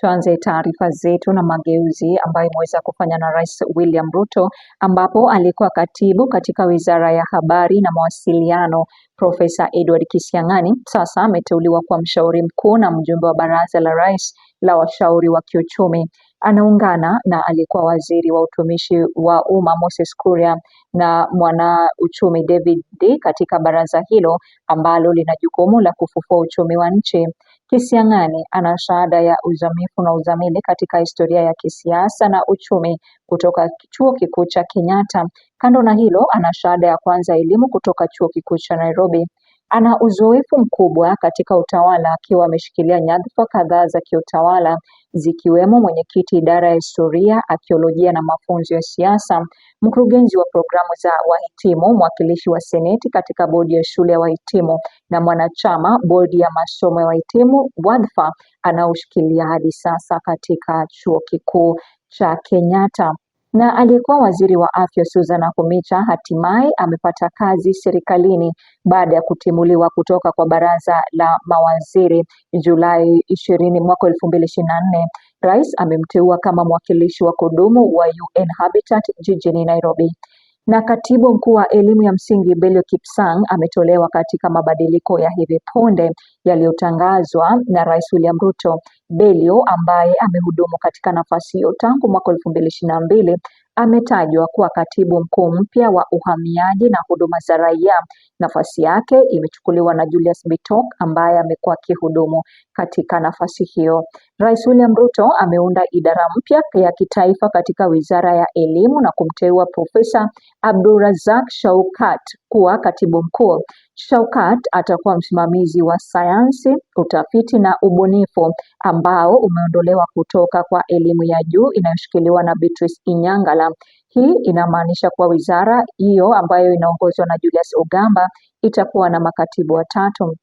Tuanze taarifa zetu na mageuzi ambayo imeweza kufanya na Rais William Ruto ambapo alikuwa katibu katika Wizara ya Habari na Mawasiliano Profesa Edward Kisiang'ani sasa ameteuliwa kuwa mshauri mkuu na mjumbe wa Baraza la Rais la Washauri wa Kiuchumi. Anaungana na aliyekuwa waziri wa utumishi wa umma Moses Kuria na mwanauchumi David D katika baraza hilo ambalo lina jukumu la kufufua uchumi wa nchi. Kisiang'ani ana shahada ya uzamifu na uzamili katika historia ya kisiasa na uchumi kutoka chuo kikuu cha Kenyatta. Kando na hilo, ana shahada ya kwanza elimu kutoka chuo kikuu cha Nairobi. Ana uzoefu mkubwa katika utawala akiwa ameshikilia nyadhifa kadhaa za kiutawala zikiwemo mwenyekiti idara ya historia, akiolojia na mafunzo ya siasa, mkurugenzi wa programu za wahitimu, mwakilishi wa seneti katika bodi ya shule ya wahitimu na mwanachama bodi ya masomo ya wahitimu, wadhifa anaoshikilia hadi sasa katika chuo kikuu cha Kenyatta na aliyekuwa waziri wa afya Susan Nakhumicha hatimaye amepata kazi serikalini baada ya kutimuliwa kutoka kwa baraza la mawaziri Julai 20 mwaka 2024. Rais amemteua kama mwakilishi wa kudumu wa UN Habitat jijini Nairobi. Na katibu mkuu wa elimu ya msingi Belio Kipsang ametolewa katika mabadiliko ya hivi punde yaliyotangazwa na Rais William Ruto Belio ambaye amehudumu katika nafasi hiyo tangu mwaka elfu mbili ishirini na mbili ametajwa kuwa katibu mkuu mpya wa uhamiaji na huduma za raia. Nafasi yake imechukuliwa na Julius Bitok ambaye amekuwa akihudumu katika nafasi hiyo. Rais William Ruto ameunda idara mpya ya kitaifa katika wizara ya elimu na kumteua Profesa Abdurazak Shaukat kuwa katibu mkuu. Shaukat atakuwa msimamizi wa sayansi, utafiti na ubunifu ambao umeondolewa kutoka kwa elimu ya juu inayoshikiliwa na Beatrice Inyangala. Hii inamaanisha kuwa wizara hiyo ambayo inaongozwa na Julius Ogamba itakuwa na makatibu watatu.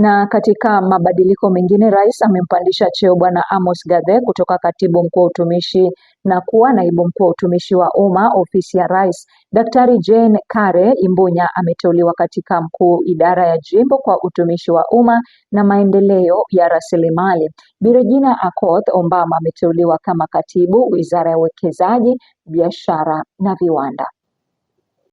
Na katika mabadiliko mengine, rais amempandisha cheo bwana Amos gadhe kutoka katibu mkuu wa utumishi na kuwa naibu mkuu wa utumishi wa umma ofisi ya rais. Daktari Jane Kare Imbunya ameteuliwa katika mkuu idara ya jimbo kwa utumishi wa umma na maendeleo ya rasilimali. birejina Akoth Ombama ameteuliwa kama katibu wizara ya uwekezaji, biashara na viwanda.